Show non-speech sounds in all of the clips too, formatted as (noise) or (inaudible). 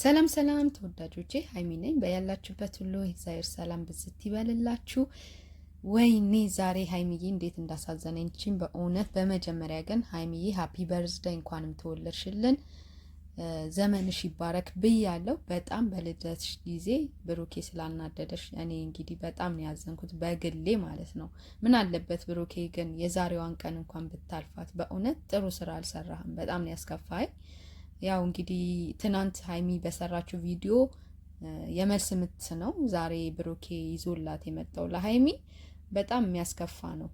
ሰላም ሰላም ተወዳጆቼ ሀይሚ ነኝ። በያላችሁበት ሁሉ የእግዚአብሔር ሰላም ብዝት ይበልላችሁ። ወይኔ ዛሬ ሀይሚዬ እንዴት እንዳሳዘነችን በእውነት። በመጀመሪያ ግን ሀይሚዬ ሀፒ በርዝዳይ እንኳንም ተወለድሽልን ዘመንሽ ይባረክ ብያለሁ። በጣም በልደትሽ ጊዜ ብሩኬ ስላናደደሽ እኔ እንግዲህ በጣም ነው ያዘንኩት በግሌ ማለት ነው። ምን አለበት ብሩኬ ግን የዛሬዋን ቀን እንኳን ብታልፋት። በእውነት ጥሩ ስራ አልሰራህም። በጣም ነው ያስከፋይ ያው እንግዲህ ትናንት ሀይሚ በሰራችው ቪዲዮ የመልስ ምት ነው ዛሬ ብሩኬ ይዞላት የመጣው ለሀይሚ በጣም የሚያስከፋ ነው።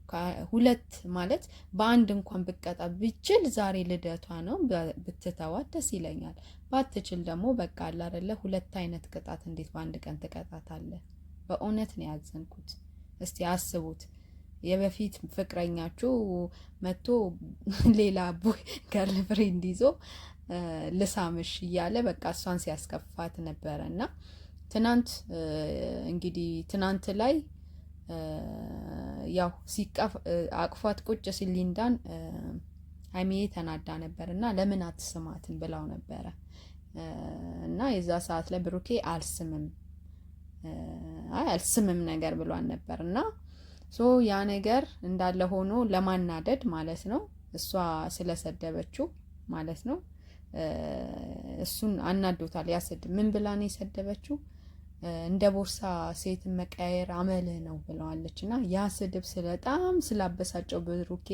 ሁለት ማለት በአንድ እንኳን ብቀጣ ብችል ዛሬ ልደቷ ነው ብትተዋት ደስ ይለኛል። ባትችል ደግሞ በቃ አላደለ ሁለት አይነት ቅጣት እንዴት በአንድ ቀን ትቀጣታለህ? በእውነት ነው ያዘንኩት። እስቲ አስቡት የበፊት ፍቅረኛችሁ መጥቶ ሌላ ቦይ ጋር (laughs) ፍሬንድ ይዞ ልሳምሽ እያለ በቃ እሷን ሲያስከፋት ነበረ። እና ትናንት እንግዲህ ትናንት ላይ ያው አቅፏት ቁጭ ሲል ሊንዳን ሀይሚዬ ተናዳ ነበር እና ለምን አትስማትን ብላው ነበረ እና የዛ ሰዓት ላይ ብሩኬ አልስምም አይ አልስምም ነገር ብሏን ነበር እና ሶ ያ ነገር እንዳለ ሆኖ ለማናደድ ማለት ነው እሷ ስለሰደበችው ማለት ነው እሱን አናዶታል። ያ ምን ብላ ነው የሰደበችው? እንደ ቦርሳ ሴት መቀየር አመልህ ነው ብለዋለች። እና ያ ስድብ ስለጣም ስላበሳጨው ብሩኬ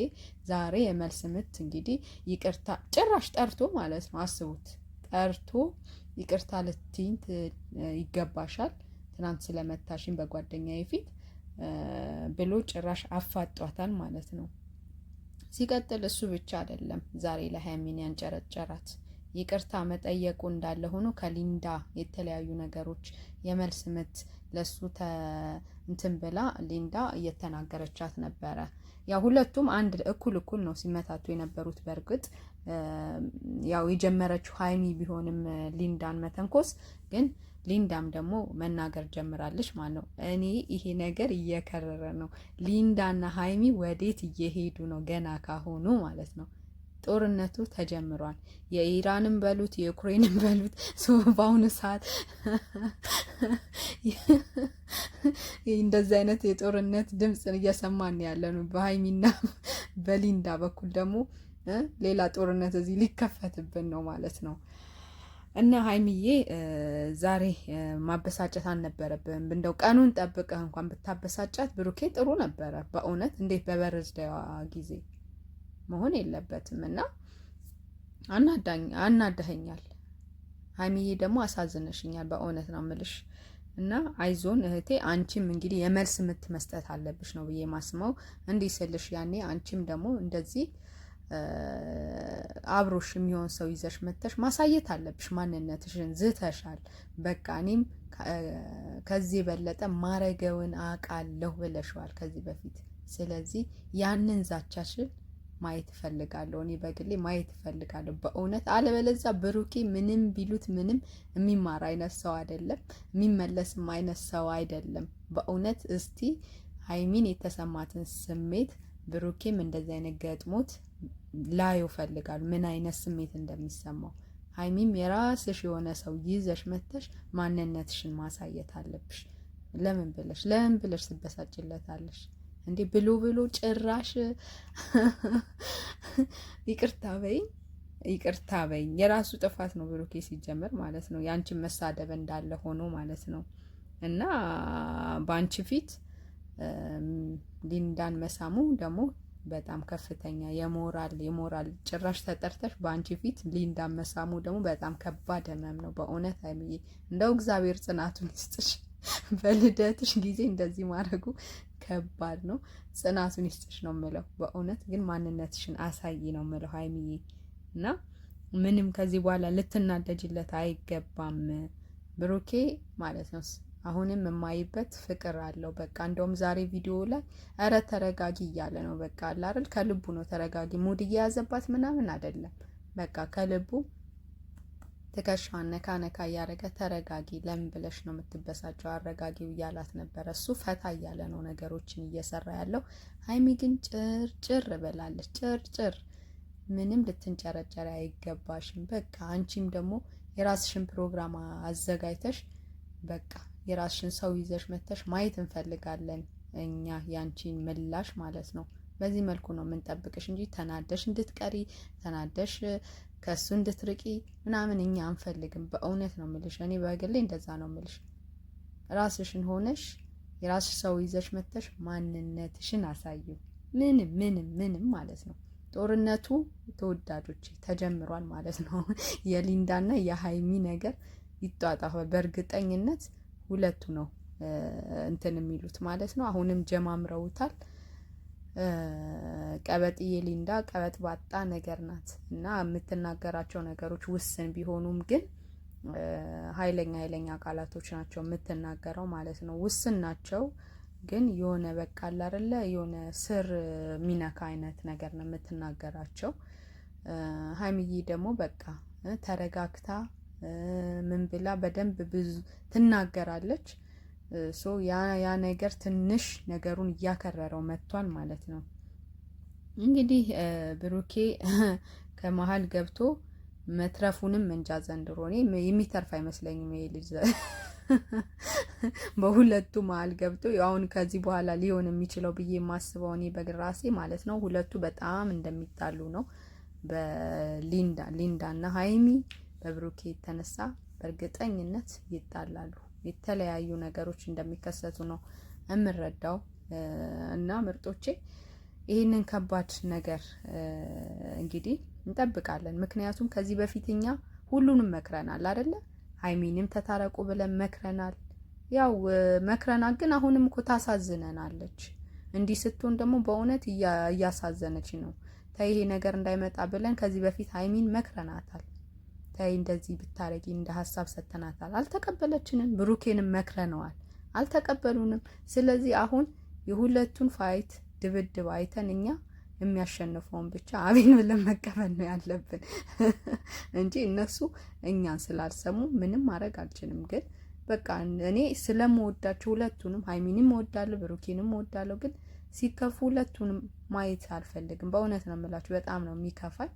ዛሬ የመልስ ምት እንግዲህ ይቅርታ ጭራሽ ጠርቶ ማለት ነው። አስቡት፣ ጠርቶ ይቅርታ ልትይኝ ይገባሻል፣ ትናንት ስለመታሽኝ በጓደኛዬ ፊት ብሎ ጭራሽ አፋጧታል ማለት ነው። ሲቀጥል እሱ ብቻ አይደለም ዛሬ ለሀያሚን ያንጨረጨራት ይቅርታ መጠየቁ እንዳለ ሆኖ ከሊንዳ የተለያዩ ነገሮች የመልስ ምት ለሱ እንትን ብላ ሊንዳ እየተናገረቻት ነበረ። ያው ሁለቱም አንድ እኩል እኩል ነው ሲመታቱ የነበሩት። በእርግጥ ያው የጀመረችው ሀይሚ ቢሆንም ሊንዳን መተንኮስ ግን ሊንዳም ደግሞ መናገር ጀምራለች ማለት ነው። እኔ ይሄ ነገር እየከረረ ነው። ሊንዳና ሀይሚ ወዴት እየሄዱ ነው? ገና ካሁኑ ማለት ነው ጦርነቱ ተጀምሯል። የኢራንም በሉት የዩክሬንም በሉት በአሁኑ ሰዓት (laughs) እንደዚህ አይነት የጦርነት ድምፅን እየሰማን ያለ ነው። በሀይሚና በሊንዳ በኩል ደግሞ ሌላ ጦርነት እዚህ ሊከፈትብን ነው ማለት ነው። እና ሀይሚዬ ዛሬ ማበሳጨት አልነበረብም። እንደው ቀኑን ጠብቀህ እንኳን ብታበሳጫት ብሩኬ ጥሩ ነበረ። በእውነት እንዴት በበረዝዳዋ ጊዜ መሆን የለበትም እና አናዳኸኛል ሀይሚዬ ደግሞ አሳዝነሽኛል። በእውነት ነው ምልሽ እና አይዞን እህቴ፣ አንቺም እንግዲህ የመልስ ምት መስጠት አለብሽ ነው ብዬ ማስመው እንዲህ ስልሽ ያኔ አንቺም ደግሞ እንደዚህ አብሮሽ የሚሆን ሰው ይዘሽ መተሽ ማሳየት አለብሽ ማንነትሽን። ዝተሻል፣ በቃ እኔም ከዚህ የበለጠ ማረገውን አውቃለሁ ብለሽዋል ከዚህ በፊት። ስለዚህ ያንን ዛቻሽን ማየት እፈልጋለሁ። እኔ በግሌ ማየት እፈልጋለሁ በእውነት አለበለዛ ብሩኬ ምንም ቢሉት ምንም የሚማር አይነት ሰው አይደለም፣ የሚመለስም አይነት ሰው አይደለም። በእውነት እስቲ ሀይሚን የተሰማትን ስሜት ብሩኬም እንደዚህ አይነት ገጥሞት ላዩ እፈልጋለሁ ምን አይነት ስሜት እንደሚሰማው። ሀይሚም የራስሽ የሆነ ሰው ይዘሽ መተሽ ማንነትሽን ማሳየት አለብሽ። ለምን ብለሽ ለምን ብለሽ ትበሳጭለታለሽ? እንዴ ብሎ ብሎ ጭራሽ (laughs) ይቅርታ በይኝ ይቅርታ በይኝ። የራሱ ጥፋት ነው ብሩኬ ሲጀመር ማለት ነው። የአንቺን መሳደብ እንዳለ ሆኖ ማለት ነው። እና በአንቺ ፊት ሊንዳን መሳሙ ደግሞ በጣም ከፍተኛ የሞራል የሞራል ጭራሽ ተጠርተሽ በአንቺ ፊት ሊንዳን መሳሙ ደግሞ በጣም ከባድ ህመም ነው። በእውነት አይምዬ እንደው እግዚአብሔር ጽናቱን ይስጥሽ። (laughs) በልደትሽ ጊዜ እንደዚህ ማድረጉ ከባድ ነው። ጽናቱን ይስጥሽ ነው ምለው። በእውነት ግን ማንነትሽን አሳይ ነው ምለው ሀይሚዬ እና ምንም ከዚህ በኋላ ልትናደጅለት አይገባም። ብሩኬ ማለት ነው አሁንም የማይበት ፍቅር አለው። በቃ እንደውም ዛሬ ቪዲዮ ላይ እረ ተረጋጊ እያለ ነው። በቃ አላርል ከልቡ ነው ተረጋጊ። ሙድ እየያዘባት ምናምን አይደለም። በቃ ከልቡ ትከሻዋን ነካ ነካ እያደረገ ተረጋጊ፣ ለምን ብለሽ ነው የምትበሳጨው? አረጋጊው እያላት ነበረ። እሱ ፈታ እያለ ነው ነገሮችን እየሰራ ያለው። ሀይሚ ግን ጭርጭር ብላለች። ጭርጭር ምንም ልትንጨረጨሪ አይገባሽም። በቃ አንቺም ደግሞ የራስሽን ፕሮግራም አዘጋጅተሽ በቃ የራስሽን ሰው ይዘሽ መተሽ ማየት እንፈልጋለን እኛ ያንቺን ምላሽ ማለት ነው። በዚህ መልኩ ነው የምንጠብቅሽ እንጂ ተናደሽ እንድትቀሪ ተናደሽ ከእሱ እንድትርቂ ምናምን እኛ አንፈልግም። በእውነት ነው ምልሽ። እኔ በግሌ እንደዛ ነው ምልሽ። ራስሽን ሆነሽ የራስሽ ሰው ይዘሽ መጥተሽ ማንነትሽን አሳዩ። ምንም ምንም ምንም ማለት ነው። ጦርነቱ ተወዳጆች ተጀምሯል ማለት ነው። (laughs) የሊንዳና የሀይሚ ነገር ይጧጣፋል በእርግጠኝነት። ሁለቱ ነው እንትን የሚሉት ማለት ነው። አሁንም ጀማምረውታል። ቀበጥዬ ሊንዳ ቀበጥ ባጣ ነገር ናት እና የምትናገራቸው ነገሮች ውስን ቢሆኑም ግን ኃይለኛ ኃይለኛ ቃላቶች ናቸው የምትናገረው ማለት ነው። ውስን ናቸው ግን የሆነ በቃ አላረለ የሆነ ስር ሚነካ አይነት ነገር ነው የምትናገራቸው። ሀይሚዬ ደግሞ በቃ ተረጋግታ ምን ብላ በደንብ ብዙ ትናገራለች። ሶ ያ ያ ነገር ትንሽ ነገሩን እያከረረው መጥቷል ማለት ነው። እንግዲህ ብሩኬ (laughs) ከመሀል ገብቶ መትረፉንም እንጃ ዘንድሮ እኔ የሚተርፍ አይመስለኝም ይሄ ልጅ (laughs) በሁለቱ መሀል ገብቶ አሁን ከዚህ በኋላ ሊሆን የሚችለው ብዬ የማስበው እኔ በግራሴ ማለት ነው። ሁለቱ በጣም እንደሚጣሉ ነው። በሊንዳ ሊንዳ እና ሀይሚ በብሩኬ የተነሳ በእርግጠኝነት ይጣላሉ። የተለያዩ ነገሮች እንደሚከሰቱ ነው የምረዳው። እና ምርጦቼ ይህንን ከባድ ነገር እንግዲህ እንጠብቃለን። ምክንያቱም ከዚህ በፊት እኛ ሁሉንም መክረናል አደለ? ሀይሚንም ተታረቁ ብለን መክረናል። ያው መክረናል፣ ግን አሁንም እኮ ታሳዝነናለች። እንዲህ ስትሆን ደግሞ በእውነት እያሳዘነች ነው። ተይ ነገር እንዳይመጣ ብለን ከዚህ በፊት ሀይሚን መክረናታል። ተይ እንደዚህ ብታረጊ እንደ ሀሳብ ሰጥተናታል። አልተቀበለችንም። ብሩኬንም መክረነዋል፣ አልተቀበሉንም። ስለዚህ አሁን የሁለቱን ፋይት ድብድብ አይተን እኛ የሚያሸንፈውን ብቻ አቤን ብለን መቀበል ነው ያለብን (laughs) እንጂ እነሱ እኛን ስላልሰሙ ምንም ማድረግ አልችልም። ግን በቃ እኔ ስለምወዳቸው ሁለቱንም ሀይሚንም እወዳለሁ፣ ብሩኬንም እወዳለሁ። ግን ሲከፉ ሁለቱንም ማየት አልፈልግም። በእውነት ነው የምላችሁ፣ በጣም ነው የሚከፋኝ።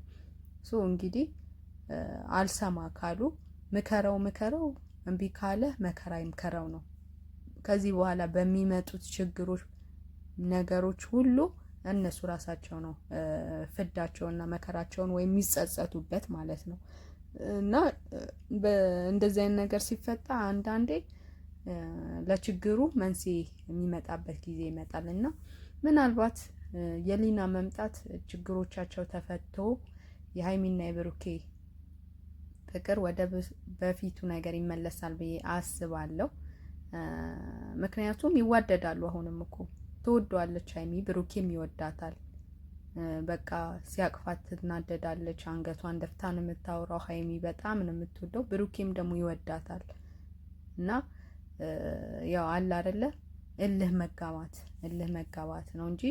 ሶ እንግዲህ አልሰማ ካሉ ምከረው ምከረው እምቢ ካለ መከራ ይምከረው ነው። ከዚህ በኋላ በሚመጡት ችግሮች፣ ነገሮች ሁሉ እነሱ ራሳቸው ነው ፍዳቸውና መከራቸውን ወይም የሚጸጸቱበት ማለት ነው። እና እንደዚህ አይነት ነገር ሲፈጣ አንዳንዴ ለችግሩ መንስኤ የሚመጣበት ጊዜ ይመጣል እና ምናልባት የሊና መምጣት ችግሮቻቸው ተፈቶ የሀይሚና የብሩኬ ፍቅር ወደ በፊቱ ነገር ይመለሳል ብዬ አስባለሁ። ምክንያቱም ይዋደዳሉ። አሁንም እኮ ትወደዋለች ሀይሚ፣ ብሩኬም ይወዳታል። በቃ ሲያቅፋት ትናደዳለች። አንገቷን ደፍታ ነው የምታወራው። ሀይሚ በጣም ነው የምትወደው፣ ብሩኬም ደግሞ ይወዳታል። እና ያው አለ አይደለ እልህ መጋባት እልህ መጋባት ነው እንጂ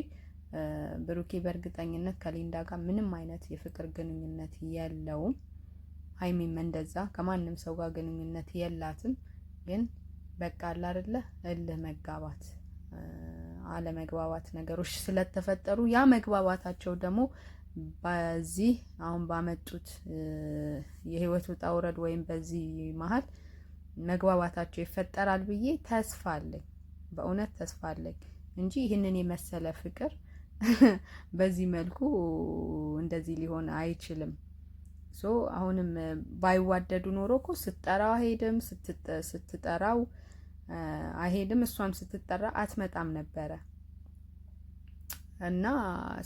ብሩኬ በእርግጠኝነት ከሊንዳ ጋር ምንም አይነት የፍቅር ግንኙነት የለውም። ሀይሚም እንደዛ ከማንም ሰው ጋር ግንኙነት የላትም። ግን በቃ አለ አይደለ እልህ መጋባት፣ አለመግባባት ነገሮች ስለተፈጠሩ ያ መግባባታቸው ደግሞ በዚህ አሁን ባመጡት የህይወት ውጣ ውረድ ወይም በዚህ መሀል መግባባታቸው ይፈጠራል ብዬ ተስፋ አለኝ። በእውነት ተስፋ አለኝ እንጂ ይህንን የመሰለ ፍቅር (laughs) በዚህ መልኩ እንደዚህ ሊሆን አይችልም። ሶ አሁንም ባይዋደዱ ኖሮ እኮ ስትጠራው አይሄድም፣ ስትጠራው አይሄድም፣ እሷም ስትጠራ አትመጣም ነበረ። እና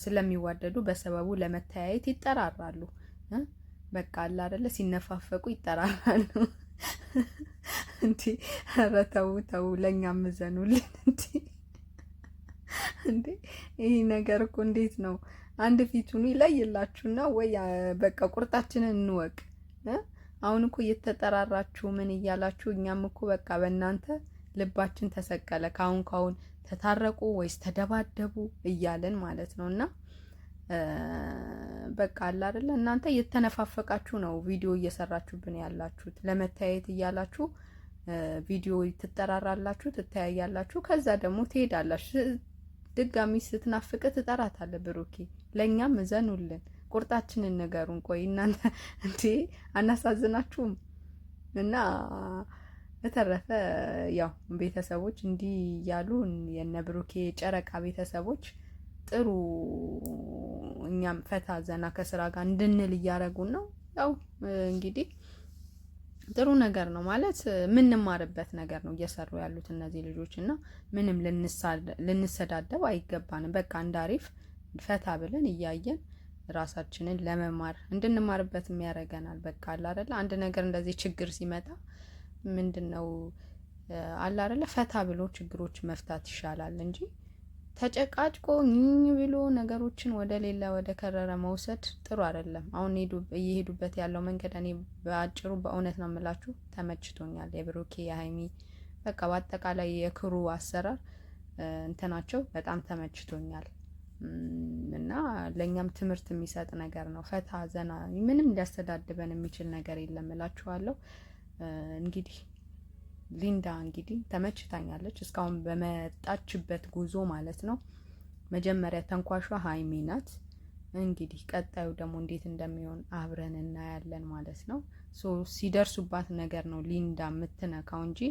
ስለሚዋደዱ በሰበቡ ለመተያየት ይጠራራሉ። በቃ አለ አይደለ ሲነፋፈቁ ይጠራራሉ። (laughs) እንዲ ኧረ ተው ተው፣ ለእኛም እንዲ እንዲ ይህ ነገር እኮ እንዴት ነው? አንድ ፊቱን ይለይላችሁና ወይ በቃ ቁርጣችንን እንወቅ። አሁን እኮ እየተጠራራችሁ ምን እያላችሁ እኛም እኮ በቃ በእናንተ ልባችን ተሰቀለ። ካሁን ካሁን ተታረቁ ወይስ ተደባደቡ እያለን ማለት ነው። እና በቃ አለ አይደለ እናንተ እየተነፋፈቃችሁ ነው ቪዲዮ እየሰራችሁብን ያላችሁት ለመታየት እያላችሁ ቪዲዮ ትጠራራላችሁ፣ ትተያያላችሁ። ከዛ ደግሞ ትሄዳላችሁ። ድጋሚ ስትናፍቅ ትጠራታለ። ብሩኬ ለእኛም እዘኑልን፣ ቁርጣችንን ንገሩን። ቆይ እናንተ (laughs) እንዴ አናሳዝናችሁም? እና በተረፈ ያው ቤተሰቦች እንዲህ እያሉ የነ ብሩኬ ጨረቃ ቤተሰቦች ጥሩ እኛም ፈታ ዘና ከስራ ጋር እንድንል እያደረጉን ነው። ያው እንግዲህ ጥሩ ነገር ነው ማለት የምንማርበት ነገር ነው እየሰሩ ያሉት እነዚህ ልጆች እና ምንም ልንሰዳደብ አይገባንም። በቃ እንደ አሪፍ ፈታ ብለን እያየን ራሳችንን ለመማር እንድንማርበትም ያደርገናል። በቃ አላረለ አንድ ነገር እንደዚህ ችግር ሲመጣ ምንድን ነው አላረለ ፈታ ብሎ ችግሮች መፍታት ይሻላል እንጂ ተጨቃጭቆ ኝኝ ብሎ ነገሮችን ወደ ሌላ ወደ ከረረ መውሰድ ጥሩ አይደለም። አሁን እየሄዱበት ያለው መንገድ እኔ በአጭሩ በእውነት ነው የምላችሁ ተመችቶኛል። የብሩኬ የሀይሚ በቃ በአጠቃላይ የክሩ አሰራር እንትናቸው በጣም ተመችቶኛል እና ለእኛም ትምህርት የሚሰጥ ነገር ነው። ፈታ ዘና፣ ምንም ሊያስተዳድበን የሚችል ነገር የለም እላችኋለሁ እንግዲህ ሊንዳ እንግዲህ ተመችታኛለች እስካሁን በመጣችበት ጉዞ ማለት ነው። መጀመሪያ ተንኳሿ ሀይሚ ናት። እንግዲህ ቀጣዩ ደግሞ እንዴት እንደሚሆን አብረን እናያለን ማለት ነው። ሲደርሱባት ነገር ነው ሊንዳ የምትነካው እንጂ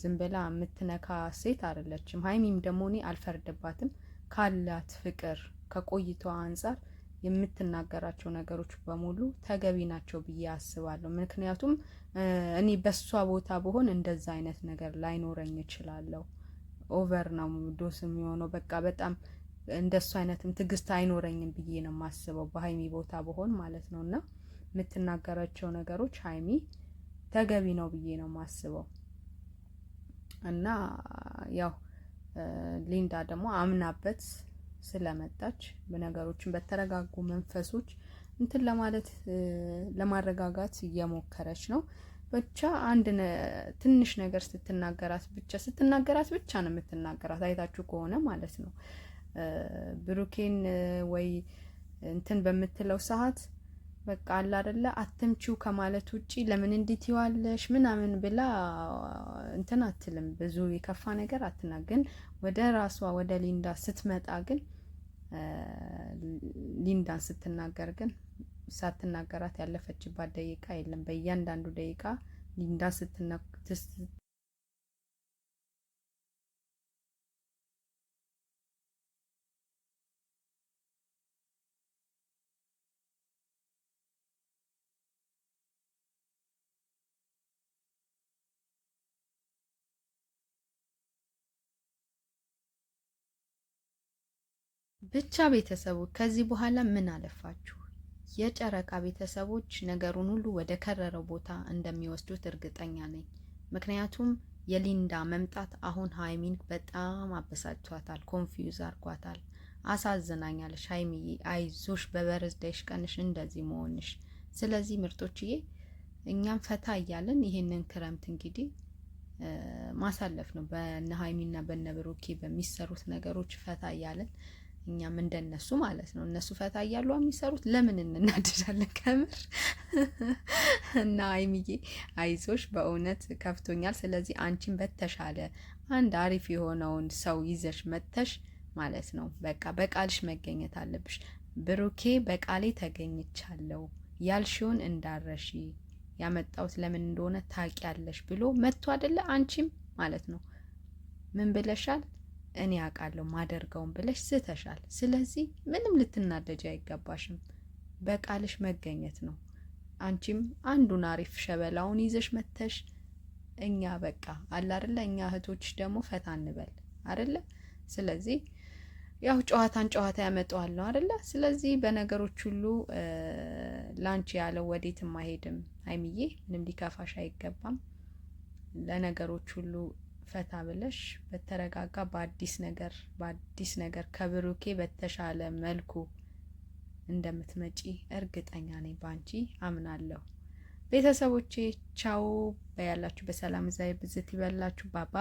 ዝም ብላ የምትነካ ሴት አይደለችም። ሀይሚም ደግሞ እኔ አልፈርድባትም ካላት ፍቅር ከቆይታዋ አንጻር የምትናገራቸው ነገሮች በሙሉ ተገቢ ናቸው ብዬ አስባለሁ። ምክንያቱም እኔ በሷ ቦታ ብሆን እንደዛ አይነት ነገር ላይኖረኝ እችላለሁ። ኦቨር ነው ዶስ የሚሆነው በቃ በጣም እሱ አይነትም ትዕግስት አይኖረኝም ብዬ ነው የማስበው በሀይሚ ቦታ ብሆን ማለት ነው። እና የምትናገራቸው ነገሮች ሀይሚ ተገቢ ነው ብዬ ነው የማስበው። እና ያው ሊንዳ ደግሞ አምናበት ስለመጣች ነገሮችን በተረጋጉ መንፈሶች እንትን ለማለት ለማረጋጋት እየሞከረች ነው። ብቻ አንድ ትንሽ ነገር ስትናገራት ብቻ ስትናገራት ብቻ ነው የምትናገራት አይታችሁ ከሆነ ማለት ነው። ብሩኬን ወይ እንትን በምትለው ሰዓት በቃ አለ አይደለ አትምቺው ከማለት ውጪ ለምን እንዴት ይዋለሽ ምናምን ብላ እንትን አትልም። ብዙ የከፋ ነገር አትና ግን ወደ ራሷ ወደ ሊንዳ ስትመጣ ግን ሊንዳን ስትናገር ግን ሳትናገራት ያለፈችባት ደቂቃ የለም። በእያንዳንዱ ደቂቃ ሊንዳ ብቻ ቤተሰቦች ከዚህ በኋላ ምን አለፋችሁ የጨረቃ ቤተሰቦች ነገሩን ሁሉ ወደ ከረረው ቦታ እንደሚወስዱት እርግጠኛ ነኝ። ምክንያቱም የሊንዳ መምጣት አሁን ሀይሚን በጣም አበሳጭቷታል፣ ኮንፊውዝ አርጓታል፣ አሳዝናኛለሽ። ሀይሚዬ አይዞሽ፣ በበርዝዴሽ ቀንሽ እንደዚህ መሆንሽ። ስለዚህ ምርጦችዬ እኛም ፈታ እያለን ይሄንን ክረምት እንግዲህ ማሳለፍ ነው። በነ ሀይሚና በነ ብሩኬ በሚሰሩት ነገሮች ፈታ እያለን እኛም እንደነሱ ማለት ነው። እነሱ ፈታ እያሉ የሚሰሩት ለምን እንናደዳለን? ከምር (laughs) እና ሀይሚዬ አይዞሽ፣ በእውነት ከፍቶኛል። ስለዚህ አንቺን በተሻለ አንድ አሪፍ የሆነውን ሰው ይዘሽ መጥተሽ ማለት ነው። በቃ በቃልሽ መገኘት አለብሽ። ብሩኬ በቃሌ ተገኝቻለሁ ያልሽውን እንዳረሺ ያመጣውት ለምን እንደሆነ ታውቂያለሽ ብሎ መጥቶ አይደለ አንቺም ማለት ነው ምን ብለሻል እኔ አውቃለሁ ማደርገውን ብለሽ ስተሻል። ስለዚህ ምንም ልትናደጅ አይገባሽም። በቃልሽ መገኘት ነው። አንቺም አንዱን አሪፍ ሸበላውን ይዘሽ መተሽ እኛ በቃ አለ አይደለ? እኛ እህቶች ደግሞ ፈታ እንበል አይደለ? ስለዚህ ያው ጨዋታን ጨዋታ ያመጣዋል ነው አይደለ? ስለዚህ በነገሮች ሁሉ ላንቺ ያለው ወዴትም አይሄድም። አይምዬ ምንም ሊከፋሽ አይገባም። ለነገሮች ሁሉ ፈታ ብለሽ በተረጋጋ በአዲስ ነገር በአዲስ ነገር ከብሩኬ በተሻለ መልኩ እንደምትመጪ እርግጠኛ ነኝ። ባንቺ አምናለሁ። ቤተሰቦቼ ቻው። በያላችሁ በሰላም ዛይ ብዝት ይበላችሁ። ባባ